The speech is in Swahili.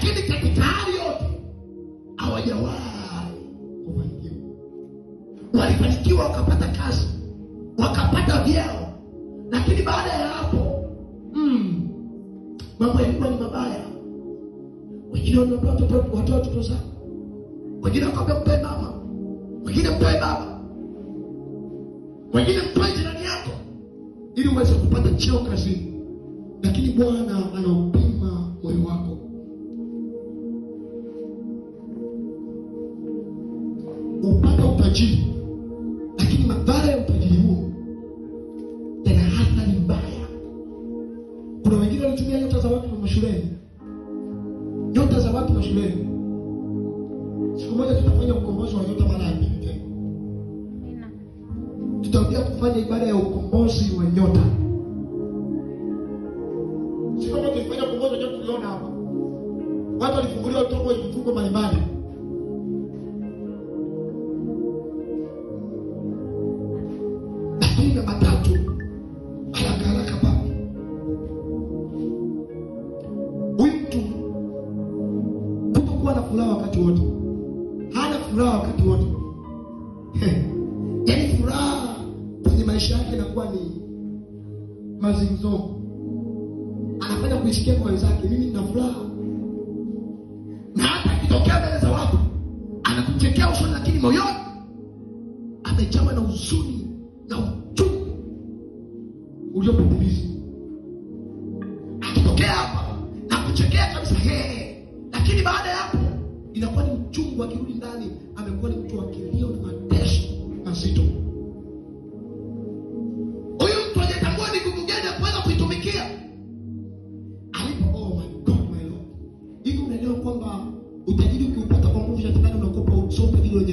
lakini katika hali yote hawajawahi kufanikiwa. Walifanikiwa wakapata kazi, wakapata vyeo, lakini baada ya hapo mm, mambo yalikuwa ni mabaya. Wengine wanaondoa watoto watoto zao, wengine wakaambia mpe mama, wengine mpe baba, wengine mpe jirani yako ili uweze kupata cheo kazini, lakini Bwana anampenda utajiri, lakini madhara ya utajiri huo hata ni mbaya. Kuna wengine walitumia nyota za watu mashuleni, nyota za watu mashuleni Siku moja tutafanya ukombozi wa nyota mara ya pili tena, tutaambia kufanya ibada ya ukombozi wa nyota. Siku moja tulifanya ukombozi wa nyota, tuliona hapa watu walifunguliwa kutoka kwenye vifungo mbalimbali aina matatu haraka haraka papa. Mtu kutokuwa na furaha wakati wote, hana furaha wakati wote, yaani furaha kwenye maisha yake inakuwa ni mazingzo, anapenda kuisikia kwa wenzake, mimi nina furaha, na hata akitokea mbele za watu anakuchekea usoni, lakini moyoni amejawa na huzuni na uchungu uliopitiliza. Akitokea hapa na kuchekea kabisa, he, lakini baada ya hapo inakuwa ni uchungu. Akirudi ndani, amekuwa ni mtu wa kilio na mateso mazito. Huyu mtu hajatambua ni kuitumikia alipo. Oh hivi unaelewa kwamba utajiri ukiupata kwa